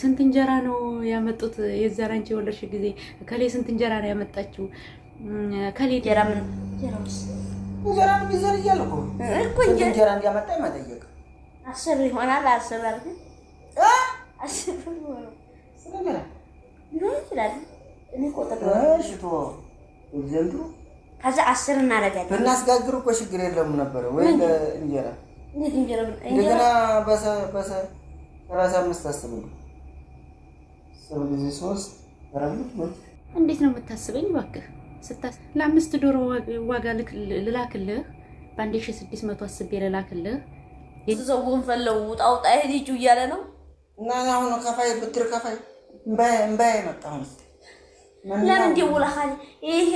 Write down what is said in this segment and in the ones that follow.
ስንት እንጀራ ነው ያመጡት? የዛን አንቺ የወለድሽ ጊዜ ከሌ ስንት እንጀራ ነው ያመጣችው? ከሌ እንጀራ ምን እንጀራ ነው ቢዘር እያልኩ እኮ እንጀራ እንዲያመጣ መጠየቅ አስር ይሆናል። አስር አልኩኝ አስር ሊሆን ይችላል። እኔ ቆጥር ቶ ዘንድሮ ከዛ አስር እናደርጋለን። ብናስጋግር እኮ ችግር የለም ነበረ ወይ እንጀራ እንደገና በሰ በሰ ሰላሳ አምስት አስብ ሰው ጊዜ ሶስት እንዴት ነው የምታስበኝ? እባክህ ስታስ ለአምስት ዶሮ ዋጋ ልላክልህ፣ በአንድ ሺህ ስድስት መቶ አስቤ ልላክልህ። ሰው ፈለው ውጣውጣ ይሄድ ይጩ እያለ ነው እና አሁኑ ከፋይ ብድር ከፋይ እምባ የመጣሁ ለምን ደውለሃል? ይሄ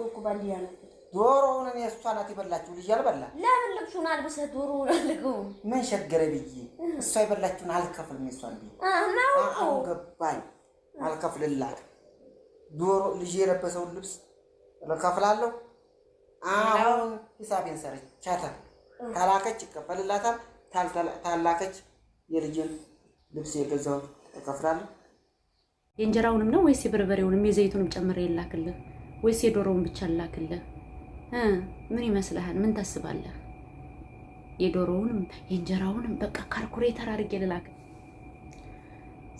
ሩኩ ባንዲያ ነው ዶሮውን እኔ እሷ ናት የበላችሁ ልጅ አልበላ። ለምን ልብሱን አልብሰ ዶሮውን አልገው ምን ሸገረ ብዬ እሷ የበላችሁን አልከፍልም። እሷን ቢ አሁን ገባኝ። አልከፍልላት ዶሮ ልጅ የለበሰውን ልብስ እከፍላለሁ። አሁን ሂሳቤን ሰርቻታል። ታላከች ይከፈልላታል። ታላከች የልጅን ልብስ የገዛው እከፍላለሁ። የእንጀራውንም ነው ወይስ የበርበሬውንም የዘይቱንም ጨምሬ የላክልህ ወይስ የዶሮውን ብቻ ላክልህ? ምን ይመስልሃል? ምን ታስባለህ? የዶሮውንም የእንጀራውንም በቃ ካልኩሬተር አድርጌ ልላክ።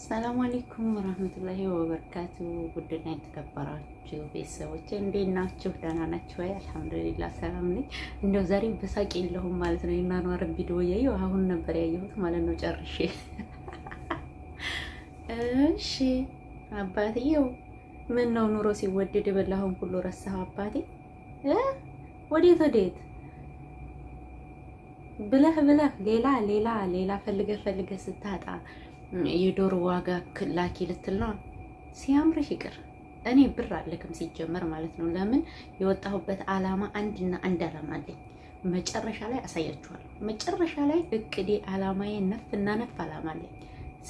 ሰላም አለይኩም ወራህመቱላሂ ወበረካቱ። ውድና የተከበራችሁ ቤተሰቦች እንዴት ናችሁ? ደህና ናችሁ ወይ? አልሐምዱሊላህ ሰላም ነኝ። እንደው ዛሬ በሳቅ የለሁም ማለት ነው። የናኗር ቪዲዮ ያየው አሁን ነበር ያየሁት ማለት ነው ጨርሼ። እሺ አባትዬው ምን ነው ኑሮ ሲወደድ የበላሁን ሁሉ ረሳሁ አባቴ ወዴት ወዴት ብለህ ብለህ ሌላ ሌላ ሌላ ፈልገ ፈልገ ስታጣ የዶሮ ዋጋ ላኪ ልትል ነው። ሲያምርሽ ይቅር። እኔ ብር አለክም ሲጀመር ማለት ነው። ለምን የወጣሁበት አላማ አንድና አንድ አላማ አለኝ። መጨረሻ ላይ አሳያችኋለሁ። መጨረሻ ላይ እቅዴ፣ አላማዬ ነፍ እና ነፍ አላማ አለኝ።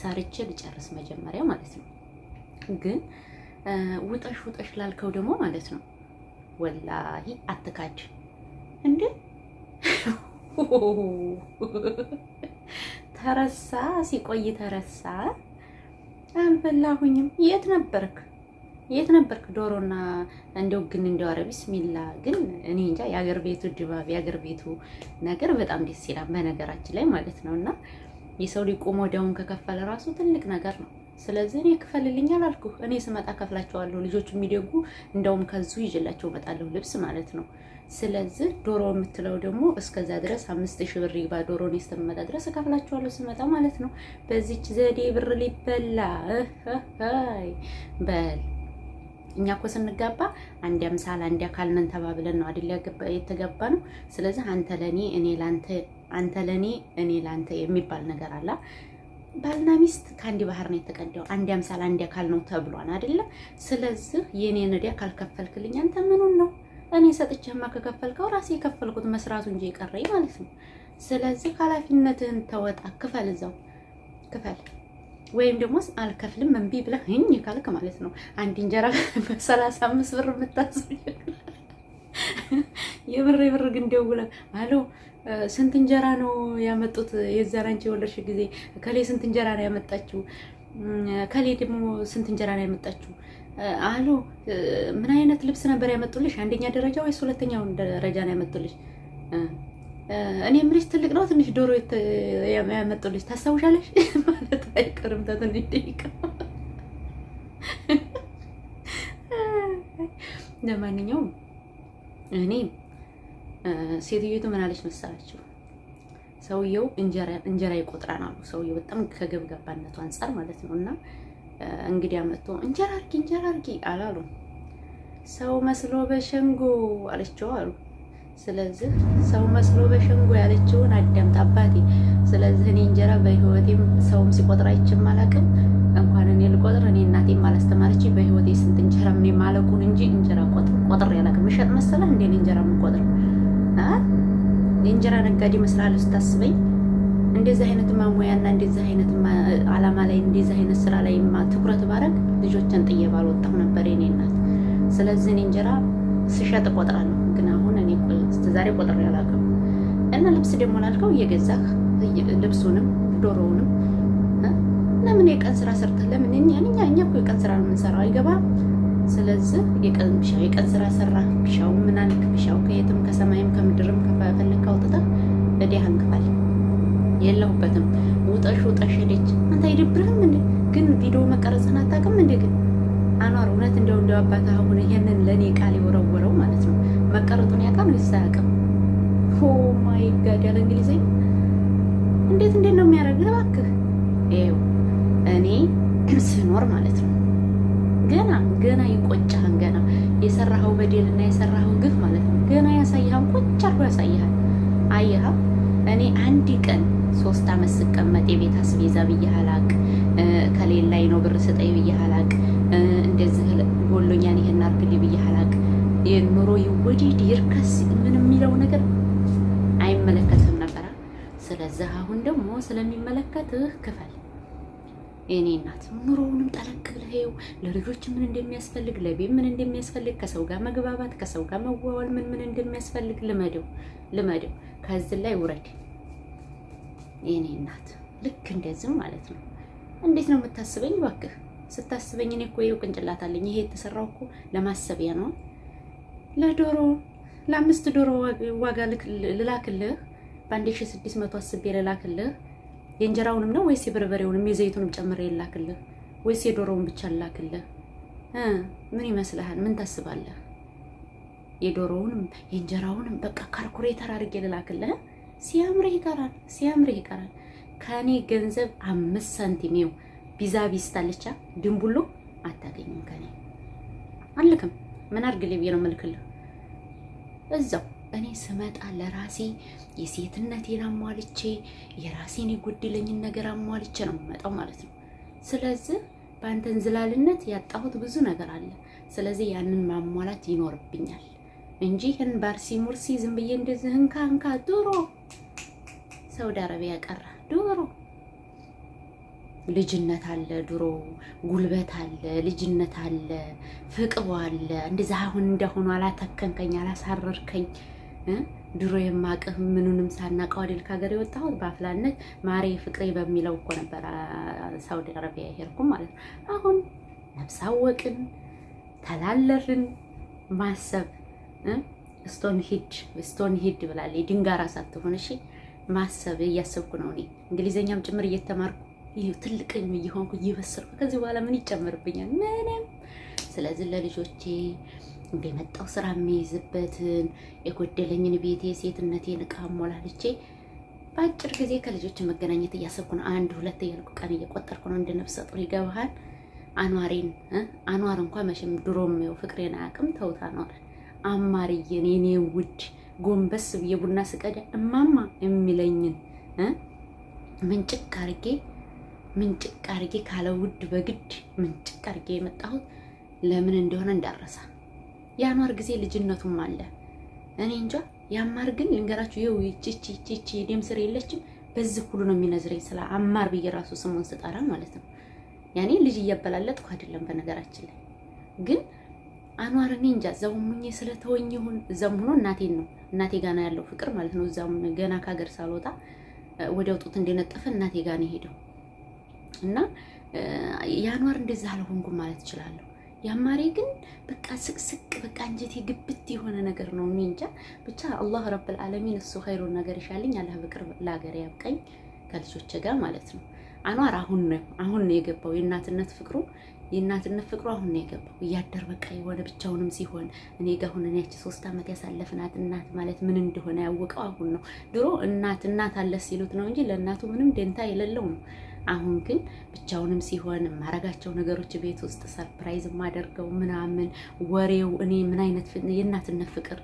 ሰርቼ ልጨርስ መጀመሪያ ማለት ነው። ግን ውጠሽ ውጠሽ ላልከው ደግሞ ማለት ነው ወላሂ አትካጅ እንዴ! ተረሳ ሲቆይ ተረሳ። አልበላሁኝም። የት ነበርክ? የት ነበርክ? ዶሮና እንደው ግን እንደው ኧረ ቢስሚላ ግን እኔ እንጃ። የአገር ቤቱ ድባብ የአገር ቤቱ ነገር በጣም ደስ ይላል። በነገራችን ላይ ማለት ነው እና የሰው ሊቆሞ ደውን ከከፈለ ራሱ ትልቅ ነገር ነው። ስለዚህ እኔ ክፈልልኝ አላልኩ። እኔ ስመጣ ከፍላቸዋለሁ። ልጆች የሚደጉ እንደውም ከዙ ይዤላቸው እመጣለሁ፣ ልብስ ማለት ነው። ስለዚህ ዶሮ የምትለው ደግሞ እስከዛ ድረስ አምስት ሺህ ብር ይግባ ዶሮ እኔ እስከምመጣ ድረስ እከፍላቸዋለሁ፣ ስመጣ ማለት ነው። በዚች ዘዴ ብር ሊበላ በል እኛ እኮ ስንጋባ አንድ አምሳል አንድ አካል ነን ተባብለን ነው አይደል የተገባ ነው። ስለዚህ አንተ ለኔ እኔ ላንተ አንተ ለኔ እኔ ላንተ የሚባል ነገር አላ ባልና ሚስት ከአንድ ባህር ነው የተቀዳው። አንድ አምሳል አንድ አካል ነው ተብሏን አይደለም። ስለዚህ የኔን ዕዳ ካልከፈልክልኝ አንተ ምኑን ነው እኔ ሰጥቼማ ከከፈልከው ራሴ የከፈልኩት መስራቱ እንጂ የቀረኝ ማለት ነው። ስለዚህ ኃላፊነትህን ተወጣ፣ ክፈል፣ እዛው ክፈል። ወይም ደግሞ አልከፍልም እምቢ ብለህ እኝ ካልክ ማለት ነው አንድ እንጀራ በሰላሳ አምስት ብር የምታዝ የብር የብር ግን ደውለህ አለው ስንት እንጀራ ነው ያመጡት? የዘራንቺ አንቺ የወለድሽ ጊዜ ከሌ ስንት እንጀራ ነው ያመጣችው? ከሌ ደግሞ ስንት እንጀራ ነው ያመጣችው አሉ። ምን አይነት ልብስ ነበር ያመጡልሽ? አንደኛ ደረጃ ወይስ ሁለተኛውን ደረጃ ነው ያመጡልሽ? እኔ የምልሽ ትልቅ ነው ትንሽ ዶሮ ያመጡልሽ ታስታውሻለሽ? ማለት አይቀርም ተትንሽ ደቂቃ። ለማንኛውም እኔ ሴትዮቱ ምን አለች መሰላችሁ? ሰውየው እንጀራ ይቆጥራን አሉ። ሰውየው በጣም ከገብጋባነቱ አንጻር ማለት ነው። እና እንግዲህ አመጥቶ እንጀራ አርጊ እንጀራ አርጊ አላሉ። ሰው መስሎ በሸንጎ አለችው አሉ። ስለዚህ ሰው መስሎ በሸንጎ ያለችውን አዳምጥ አባቴ። ስለዚህ እኔ እንጀራ በህይወቴም ሰውም ሲቆጥር አይቼም አላውቅም። እንኳን እኔ ልቆጥር እኔ እናቴም አላስተማረች። በህይወቴ ስንት እንጀራ ምን ማለቁን እንጂ እንጀራ ቆጥር ቆጥር ያላውቅም። እሸጥ መሰለህ እንዴ እንጀራ የምቆጥር የእንጀራ ነጋዴ መስራል ስታስበኝ እንደዚህ አይነት ማሙያና እንደዚህ አይነት አላማ ላይ እንደዚህ አይነት ስራ ላይ ትኩረት ባረግ ልጆችን ጥዬ ባልወጣሁ ነበር የኔ እናት። ስለዚህ እኔ እንጀራ ስሸጥ እቆጥራለሁ፣ ግን አሁን እኔ ዛሬ ቆጥሬ አላውቅም። እና ልብስ ደግሞ ላልከው እየገዛህ ልብሱንም ዶሮውንም ለምን የቀን ስራ ሰርተህ ለምን እኛ እኛ እኮ የቀን ስራ ነው የምንሰራው አይገባ ስለዚህ የቀን ቢሻ የቀን ስራ ሰራ ቢሻው ምን አልክ ቢሻው ከየትም ከሰማይም ከምድርም ከፈለክ አውጥተህ እዲህ አንክፋል። የለሁበትም ውጠሽ ውጠሽ ልጅ አንተ አይደብርህም እንዴ? ግን ቪዲዮ መቀረጽህን አታውቅም እንዴ? ግን አኗር እውነት እንደው እንደው አባታ አሁን ይሄንን ለኔ ቃል የወረወረው ማለት ነው መቀረጡን ያውቃል ወይስ አያውቅም? ኦ ማይ ጋድ ያለ እንግሊዘኛ እንዴት እንዴት ነው የሚያደርግህ? እባክህ ይኸው እኔ ስኖር ማለት ነው ገና ገና ይቆጫህን ገና የሰራኸው በደል እና የሰራኸው ግፍ ማለት ነው። ገና ያሳይሃን ቁጭ አርጎ ያሳይሃል። አየሃ እኔ አንድ ቀን ሶስት አመት ስቀመጥ የቤት አስቤዛ ብዬ አላቅ ከሌላይ ነው ብር ስጠይ ብዬ አላቅ እንደዚህ ጎሎኛን ይሄን አርግልኝ ብዬ አላቅ የኑሮ ይወደድ ይርከስ ምን የሚለው ነገር አይመለከትም ነበራ። ስለዚህ አሁን ደግሞ ስለሚመለከትህ ክፈል። የኔ እናት ኑሮውንም ጠለቅ ለልጆች ምን እንደሚያስፈልግ፣ ለቤት ምን እንደሚያስፈልግ፣ ከሰው ጋር መግባባት፣ ከሰው ጋር መዋዋል ምን ምን እንደሚያስፈልግ ልመደው ልመደው። ከዚ ላይ ውረድ የኔ እናት። ልክ እንደዚህ ማለት ነው። እንዴት ነው የምታስበኝ? እባክህ ስታስበኝ እኔ እኮ ይኸው ቅንጭላት አለኝ። ይሄ የተሰራው እኮ ለማሰቢያ ነው። ለዶሮ ለአምስት ዶሮ ዋጋ ልላክልህ በአንድ ሺህ ስድስት መቶ አስቤ ልላክልህ የእንጀራውንም ነው ወይስ የበርበሬውንም የዘይቱንም ጨምሬ ይላክልህ ወይስ የዶሮውን ብቻ ላክልህ? ምን ይመስልሃል? ምን ታስባለህ? የዶሮውንም የእንጀራውንም በቃ ካልኩሌተር አድርጌ ልላክልህ? ሲያምርህ ይቀራል፣ ሲያምርህ ይቀራል። ከኔ ገንዘብ አምስት ሳንቲም ው ቢዛ ቢስታልቻ ድንቡሎ አታገኝም። ከኔ አልክም ምን አድርግልህ ልብዬ ነው መልክልህ እዛው እኔ ስመጣ ለራሴ የሴትነቴን አሟልቼ የራሴን የጎደለኝን ነገር አሟልቼ ነው የምመጣው ማለት ነው። ስለዚህ በአንተ እንዝላልነት ያጣሁት ብዙ ነገር አለ። ስለዚህ ያንን ማሟላት ይኖርብኛል እንጂ ይህን ባርሲ ሙርሲ ዝም ብዬ እንደዚህ እንካ እንካ ድሮ ሳውዲ አረቢያ ቀራ ድሮ ልጅነት አለ፣ ድሮ ጉልበት አለ፣ ልጅነት አለ፣ ፍቅሩ አለ። እንደዛ አሁን እንደሆኑ አላተከንከኝ፣ አላሳረርከኝ። ድሮ የማቅህ ምኑንም ሳናቀው አይደል ከሀገር የወጣሁት በአፍላነት ማሬ ፍቅሬ በሚለው እኮ ነበር ሳውዲ አረቢያ ሄድኩም ማለት ነው። አሁን ነብሳወቅን ተላለርን ማሰብ ስቶን ሂድ ስቶን ሂድ ብላል ድንጋራ ሳትሆን እሺ ማሰብ እያሰብኩ ነው እኔ እንግሊዘኛም ጭምር እየተማርኩ ይህ ትልቅኝ እየሆንኩ እየበሰርኩ ከዚህ በኋላ ምን ይጨመርብኛል? ምንም። ስለዚህ ለልጆቼ እንደመጣው ስራ የሚይዝበትን የጎደለኝን ቤቴ ሴትነቴን ዕቃ ሞላልቼ በአጭር ጊዜ ከልጆች መገናኘት እያሰብኩ ነው። አንድ ሁለት እያልኩ ቀን እየቆጠርኩ ነው። እንደ ነፍሰ ጡር ይገባሃል። አኗሪን አኗር እንኳ መቼም ድሮም ይኸው ፍቅሬን አያውቅም። ተውት አኗር አማርዬን የኔ ውድ ጎንበስ ብዬ ቡና ስቀዳ እማማ የሚለኝን ምንጭቅ አርጌ ምንጭቅ አርጌ ካለ ውድ በግድ ምንጭቅ አርጌ የመጣሁት ለምን እንደሆነ እንዳረሳ የአኗር ጊዜ ልጅነቱም አለ። እኔ እንጃ የአማር ግን ልንገራችሁ፣ ይኸው ይቺቺቺቺ ደም ስር የለችም። በዚህ ሁሉ ነው የሚነዝረኝ ስለ አማር ብዬ ራሱ ስሙን ስጠራ ማለት ነው። ያኔ ልጅ እያበላለጥኩ አይደለም። በነገራችን ላይ ግን አኗር እኔ እንጃ እዛውም ሁኜ ስለተወኝ ይሁን እዛም ሆኖ እናቴን ነው እናቴ ጋና ያለው ፍቅር ማለት ነው። እዛም ገና ከሀገር ሳልወጣ ወዲያው ጡት እንደነጠፈ እናቴ ጋና ሄደው እና የአኗር እንደዛ አልሆንኩም ማለት እችላለሁ። ያማሬ ግን በቃ ስቅስቅ በቃ እንጀቴ ግብት የሆነ ነገር ነው። እንጃ ብቻ አላህ ረብል ልዓለሚን እሱ ኸይሩን ነገር ይሻልኝ። አላህ በቅርብ ለሀገር ያብቀኝ ከልጆቼ ጋር ማለት ነው። አኗር አሁን ነው አሁን ነው የገባው የእናትነት ፍቅሩ የእናትነት ፍቅሩ አሁን ነው የገባው። እያደር በቃ የሆነ ብቻውንም ሲሆን እኔ ጋር አሁን ያቺ ሶስት ዓመት ያሳለፍናት እናት ማለት ምን እንደሆነ ያወቀው አሁን ነው። ድሮ እናት እናት አለ ሲሉት ነው እንጂ ለእናቱ ምንም ደንታ የሌለው ነው። አሁን ግን ብቻውንም ሲሆን የማረጋቸው ነገሮች ቤት ውስጥ ሰርፕራይዝ የማደርገው ምናምን ወሬው እኔ ምን አይነት የእናትነት ፍቅር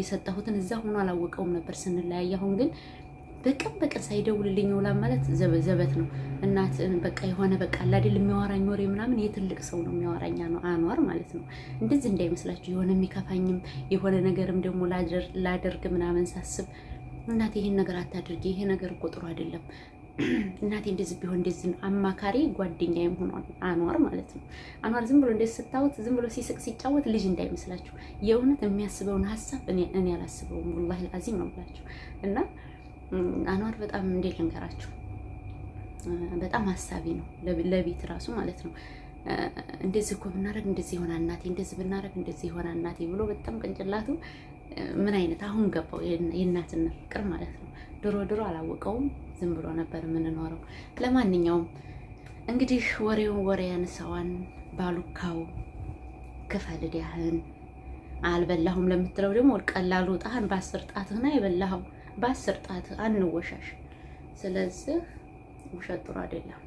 የሰጠሁትን እዛ ሆኖ አላወቀውም ነበር ስንለያይ። አሁን ግን በቀን በቀን ሳይደውልልኝ ውላ ማለት ዘበት ነው። እናት በቃ የሆነ በቃ አይደል የሚያወራኝ ወሬ ምናምን የትልቅ ሰው ነው ነው አኗር ማለት ነው። እንደዚህ እንዳይመስላችሁ የሆነ የሚከፋኝም የሆነ ነገርም ደግሞ ላደርግ ምናምን ሳስብ እናት ይሄን ነገር አታድርጊ፣ ይሄ ነገር እኮ ጥሩ አይደለም እናቴ እንደዚህ ቢሆን እንደዚህ አማካሪ ጓደኛዬም ሆኗል አኗር ማለት ነው። አኗር ዝም ብሎ እንደዚህ ስታወት ዝም ብሎ ሲስቅ ሲጫወት ልጅ እንዳይመስላችሁ የእውነት የሚያስበውን ሀሳብ እኔ አላስበውም። ወላሂ አዚም ነው ብላችሁ እና አኗር በጣም እንዴት ልንገራችሁ፣ በጣም ሀሳቢ ነው ለቤት ራሱ ማለት ነው። እንደዚህ እኮ ብናደርግ እንደዚህ ይሆናል እናቴ፣ እንደዚህ ብናደርግ እንደዚህ ይሆናል እናቴ ብሎ በጣም ቅንጭላቱ ምን አይነት አሁን ገባው የእናትነት ፍቅር ማለት ነው። ድሮ ድሮ አላወቀውም፣ ዝም ብሎ ነበር የምንኖረው። ለማንኛውም እንግዲህ ወሬውን ወሬ ያነሳዋን ባሉካው ክፈል ዲያህን አልበላሁም ለምትለው ደግሞ ቀላሉ ጣህን በአስር ጣትህና የበላኸው በአስር ጣትህ አንወሻሽ። ስለዚህ ውሸት ጥሩ አይደለም።